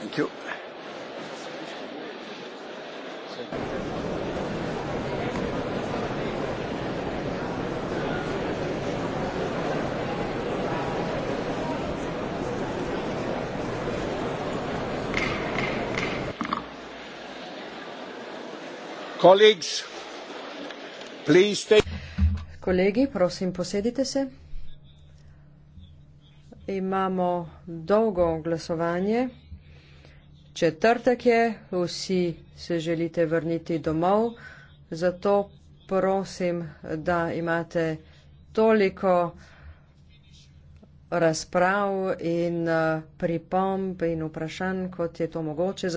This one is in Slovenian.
Thank you. Colleagues, please stay. Kolegi, prosim, posedite se. Imamo dolgo glasovanje. Četrtek je, vsi se želite vrniti domov, zato prosim, da imate toliko razprav in eh, pripomb in vprašanj, kot je to mogoče.